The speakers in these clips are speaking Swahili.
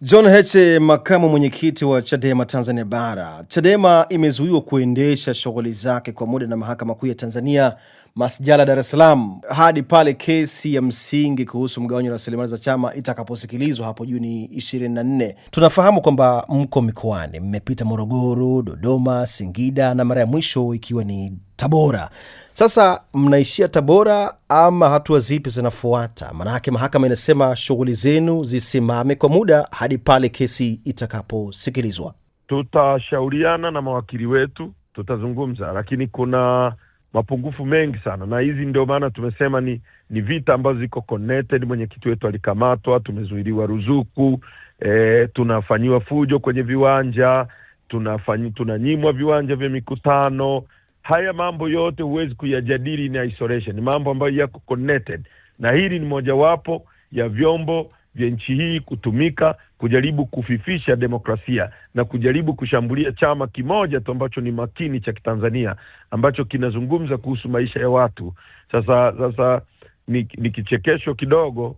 John Heche, makamu mwenyekiti wa Chadema Tanzania Bara. Chadema imezuiwa kuendesha shughuli zake kwa muda na Mahakama Kuu ya Tanzania masjala Dar es Salaam hadi pale kesi ya msingi kuhusu mgawanyo wa rasilimali za chama itakaposikilizwa hapo Juni 24. Tunafahamu kwamba mko mikoani, mmepita Morogoro, Dodoma, Singida na mara ya mwisho ikiwa ni Tabora. Sasa mnaishia Tabora ama hatua zipi zinafuata? Maanake mahakama inasema shughuli zenu zisimame kwa muda hadi pale kesi itakaposikilizwa. Tutashauriana na mawakili wetu, tutazungumza, lakini kuna mapungufu mengi sana, na hizi ndio maana tumesema ni ni vita ambazo ziko connected. Mwenyekiti wetu alikamatwa, tumezuiliwa ruzuku, e, tunafanyiwa fujo kwenye viwanja, tunafanyi, tunanyimwa viwanja vya mikutano haya mambo yote huwezi kuyajadili in isolation, ni mambo ambayo yako connected, na hili ni mojawapo ya vyombo vya nchi hii kutumika kujaribu kufifisha demokrasia na kujaribu kushambulia chama kimoja tu ambacho ni makini cha Kitanzania ambacho kinazungumza kuhusu maisha ya watu. Sasa sasa ni, ni kichekesho kidogo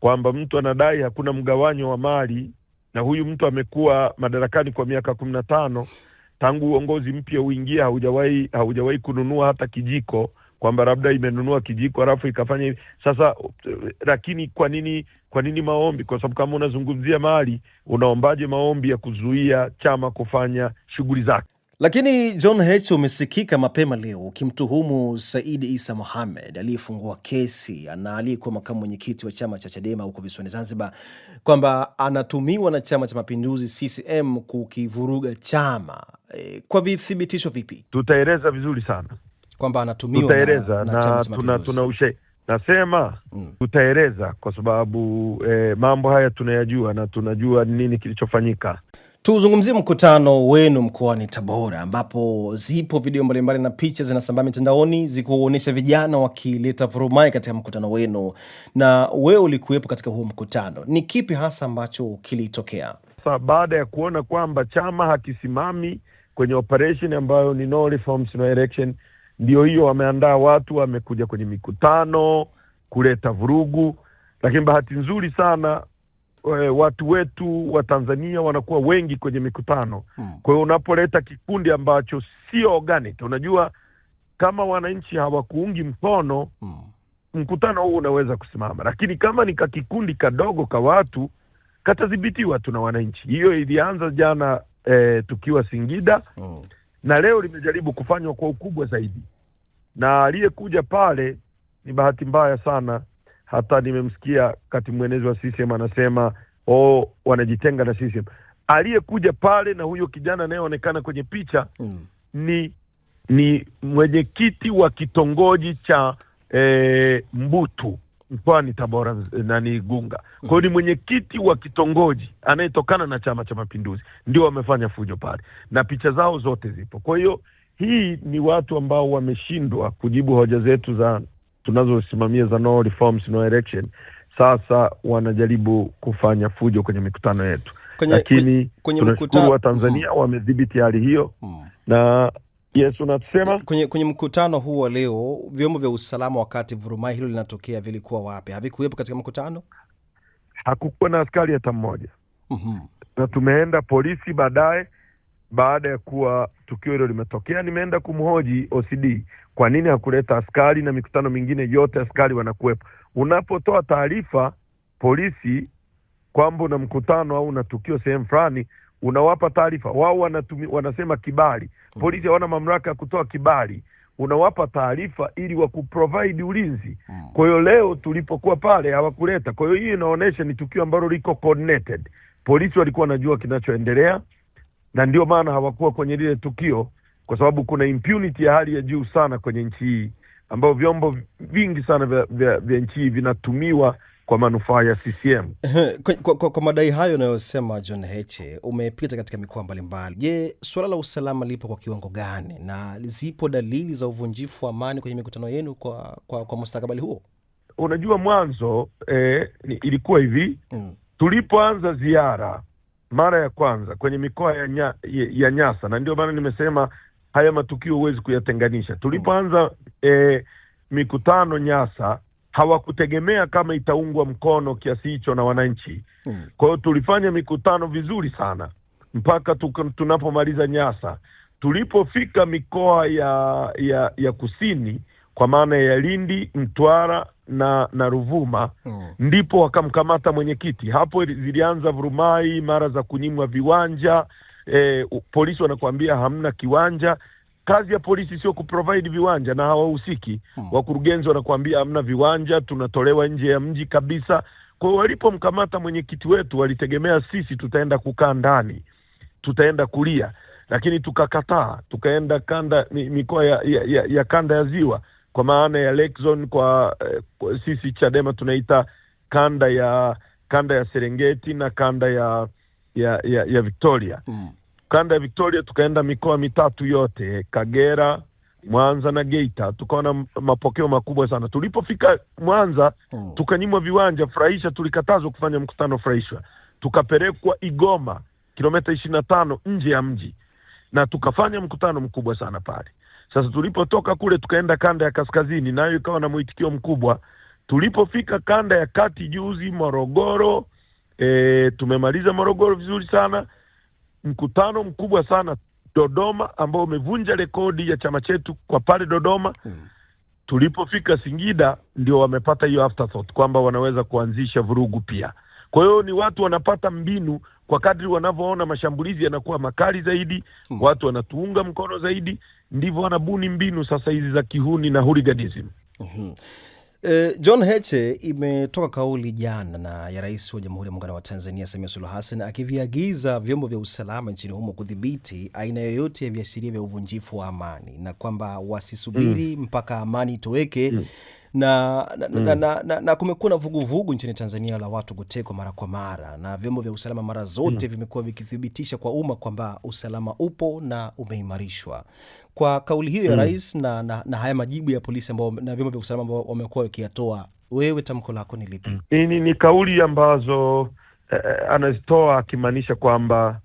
kwamba mtu anadai hakuna mgawanyo wa mali na huyu mtu amekuwa madarakani kwa miaka kumi na tano tangu uongozi mpya uingie haujawahi haujawahi kununua hata kijiko kwamba labda imenunua kijiko alafu ikafanya hivi sasa. Lakini kwa nini kwa nini maombi? Kwa sababu kama unazungumzia mali, unaombaje maombi ya kuzuia chama kufanya shughuli zake? Lakini John Heche umesikika mapema leo ukimtuhumu Saidi Isa Mohamed aliyefungua kesi na aliyekuwa makamu mwenyekiti wa chama cha Chadema huko visiwani Zanzibar kwamba anatumiwa na Chama cha Mapinduzi CCM kukivuruga chama e, kwa vithibitisho vipi? Tutaeleza vizuri sana kwamba anatumiwa tutaeleza, na, na Chama tuna, ushe nasema mm, tutaeleza kwa sababu e, mambo haya tunayajua na tunajua nini kilichofanyika Tuzungumzie mkutano wenu mkoani Tabora ambapo zipo video mbalimbali na picha zinasambaa mitandaoni zikiwaonyesha vijana wakileta vurumai katika mkutano wenu, na wewe ulikuwepo katika huo mkutano. Ni kipi hasa ambacho kilitokea? sa baada ya kuona kwamba chama hakisimami kwenye operation ambayo ni no reforms no election, ndio hiyo wameandaa watu wamekuja kwenye mikutano kuleta vurugu, lakini bahati nzuri sana Eh, watu wetu wa Tanzania wanakuwa wengi kwenye mikutano hmm. Kwa hiyo unapoleta kikundi ambacho sio organic, unajua kama wananchi hawakuungi mkono hmm. mkutano huu unaweza kusimama, lakini kama ni ka kikundi kadogo ka watu katadhibitiwa tu na wananchi. Hiyo ilianza jana e, tukiwa Singida hmm. na leo limejaribu kufanywa kwa ukubwa zaidi, na aliyekuja pale ni bahati mbaya sana hata nimemsikia kati mwenezi wa CCM anasema oh, wanajitenga na CCM. Aliyekuja pale na huyo kijana anayeonekana kwenye picha mm. ni ni mwenyekiti wa kitongoji cha e, Mbutu mkoani Tabora ni Gunga. Kwa hiyo ni mwenyekiti wa kitongoji anayetokana na Chama cha Mapinduzi, ndio wamefanya fujo pale na picha zao zote zipo. Kwa hiyo hii ni watu ambao wameshindwa kujibu hoja zetu za tunazosimamia za no reforms no election, sasa wanajaribu kufanya fujo kwenye mikutano yetu kwenye, lakini kwenye tunashukuru Tanzania hmm. wamedhibiti hali hiyo hmm. na Yes, unatusema kwenye, kwenye mkutano huo leo, vyombo vya usalama wakati vurumai hilo linatokea vilikuwa wapi? Havikuwepo katika mkutano, hakukuwa na askari hata mmoja. mm -hmm. na tumeenda polisi baadaye baada ya kuwa tukio hilo limetokea, nimeenda kumhoji OCD, kwa nini hakuleta askari na mikutano mingine yote askari wanakuwepo. Unapotoa taarifa polisi kwamba una mkutano au una tukio sehemu fulani, unawapa taarifa wao, wanasema kibali. Polisi mm. hawana mamlaka ya kutoa kibali, unawapa taarifa ili wakuprovide ulinzi. Mm. Kwa hiyo leo tulipokuwa pale hawakuleta. Kwa hiyo hii inaonyesha ni tukio ambalo liko coordinated, polisi walikuwa wanajua kinachoendelea na ndio maana hawakuwa kwenye lile tukio, kwa sababu kuna impunity ya hali ya juu sana kwenye nchi hii ambayo vyombo vingi sana vya, vya, vya nchi hii vinatumiwa kwa manufaa ya CCM. Kwa, kwa, kwa, kwa madai hayo unayosema John Heche, umepita katika mikoa mbalimbali. Je, suala la usalama lipo kwa kiwango gani na zipo dalili za uvunjifu wa amani kwenye mikutano yenu kwa, kwa, kwa mustakabali huo? Unajua mwanzo eh, ilikuwa hivi mm. Tulipoanza ziara mara ya kwanza kwenye mikoa ya, nya, ya Nyasa, na ndio maana nimesema haya matukio huwezi kuyatenganisha. Tulipoanza e, mikutano Nyasa hawakutegemea kama itaungwa mkono kiasi hicho na wananchi. Hmm. Kwa hiyo tulifanya mikutano vizuri sana mpaka tunapomaliza Nyasa. Tulipofika mikoa ya, ya, ya kusini kwa maana ya Lindi, Mtwara na na Ruvuma mm. ndipo wakamkamata mwenyekiti. Hapo zilianza vurumai, mara za kunyimwa viwanja e, polisi wanakuambia hamna kiwanja. Kazi ya polisi sio kuprovide viwanja na hawahusiki mm. Wakurugenzi wanakuambia hamna viwanja, tunatolewa nje ya mji kabisa. Kwa hiyo walipomkamata mwenyekiti wetu walitegemea sisi tutaenda kukaa ndani, tutaenda kulia, lakini tukakataa, tukaenda kanda mikoa ya, ya, ya, ya kanda ya Ziwa kwa maana ya Lake Zone kwa, eh, kwa sisi Chadema tunaita kanda ya kanda ya Serengeti na kanda ya ya, ya, ya Victoria mm. Kanda ya Victoria tukaenda mikoa mitatu yote Kagera, Mwanza na Geita, tukaona mapokeo makubwa sana. Tulipofika Mwanza mm. tukanyimwa viwanja furahisha, tulikatazwa kufanya mkutano furahisha, tukapelekwa Igoma kilomita ishirini na tano nje ya mji na tukafanya mkutano mkubwa sana pale. Sasa tulipotoka kule tukaenda kanda ya kaskazini, nayo ikawa na mwitikio mkubwa. Tulipofika kanda ya kati juzi Morogoro, e, tumemaliza Morogoro vizuri sana. Mkutano mkubwa sana Dodoma ambao umevunja rekodi ya chama chetu kwa pale Dodoma hmm. Tulipofika Singida ndio wamepata hiyo afterthought kwamba wanaweza kuanzisha vurugu pia. Kwa hiyo ni watu wanapata mbinu kwa kadri wanavyoona mashambulizi yanakuwa makali zaidi hmm. Watu wanatuunga mkono zaidi ndivyo wanabuni mbinu sasa hizi za kihuni na huliganism mm-hmm. E, eh, John Heche, imetoka kauli jana na ya Rais wa Jamhuri ya Muungano wa Tanzania Samia Suluhu Hassan akiviagiza vyombo vya usalama nchini humo kudhibiti aina yoyote ya viashiria vya uvunjifu wa amani na kwamba wasisubiri mm. mpaka amani itoweke mm na, na, mm. na, hmm. na, na, na kumekuwa na vuguvugu nchini Tanzania la watu kutekwa mara kwa mara, na vyombo vya usalama mara zote mm. vimekuwa vikithibitisha kwa umma kwamba usalama upo na umeimarishwa. Kwa kauli hiyo ya mm. rais na, na, na haya majibu ya polisi ambao na vyombo vya usalama ambao wamekuwa wakiyatoa, wewe tamko lako ni lipi? mm. Ni, ni, ni kauli ambazo eh, eh anazitoa akimaanisha kwamba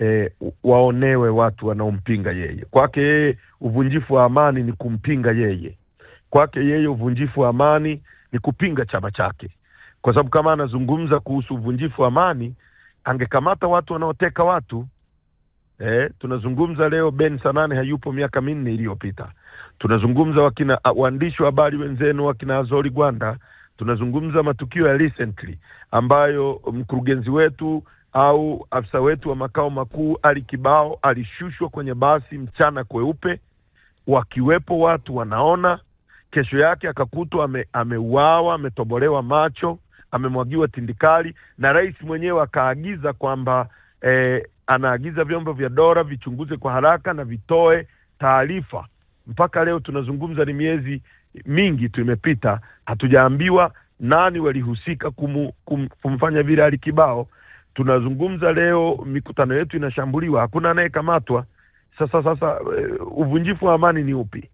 E, waonewe watu wanaompinga yeye. Kwake yeye uvunjifu wa amani ni kumpinga yeye, Kwake yeye uvunjifu wa amani ni kupinga chama chake, kwa sababu kama anazungumza kuhusu uvunjifu wa amani angekamata watu wanaoteka watu. Eh, tunazungumza leo Ben Sanane hayupo miaka minne iliyopita. Tunazungumza wakina waandishi wa habari wenzenu wakina Azori Gwanda, tunazungumza matukio ya recently ambayo mkurugenzi wetu au afisa wetu wa makao makuu Ali Kibao alishushwa kwenye basi mchana kweupe, wakiwepo watu wanaona kesho yake akakutwa ameuawa, ametobolewa macho, amemwagiwa tindikali, na rais mwenyewe akaagiza kwamba eh, anaagiza vyombo vya dola vichunguze kwa haraka na vitoe taarifa. Mpaka leo tunazungumza, ni miezi mingi tu imepita, hatujaambiwa nani walihusika kumu, kum, kumfanya vile Ali Kibao. Tunazungumza leo, mikutano yetu inashambuliwa, hakuna anayekamatwa. Sasa sasa, uh, uvunjifu wa amani ni upi?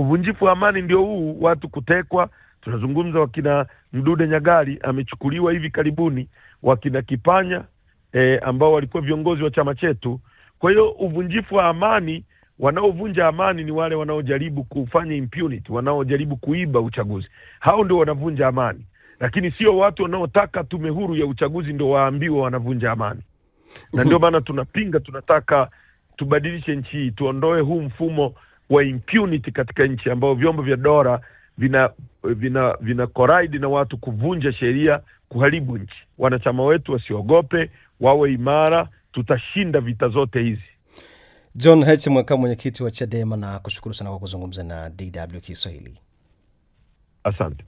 Uvunjifu wa amani ndio huu, watu kutekwa. Tunazungumza wakina Mdude Nyagali amechukuliwa hivi karibuni, wakina Kipanya e, ambao walikuwa viongozi wa chama chetu. Kwa hiyo uvunjifu wa amani, wanaovunja amani ni wale wanaojaribu kufanya impunity, wanaojaribu kuiba uchaguzi. Hao ndio wanavunja amani, lakini sio watu wanaotaka tume huru ya uchaguzi ndio waambiwa wanavunja amani. Na ndio mhm. maana tunapinga, tunataka tubadilishe nchi hii, tuondoe huu mfumo wa impunity katika nchi ambayo vyombo vya dola vina vina vina koraidi na watu kuvunja sheria, kuharibu nchi. Wanachama wetu wasiogope, wawe imara, tutashinda vita zote hizi. John H Mweka, mwenyekiti wa Chadema, na kushukuru sana kwa kuzungumza na DW Kiswahili. Asante.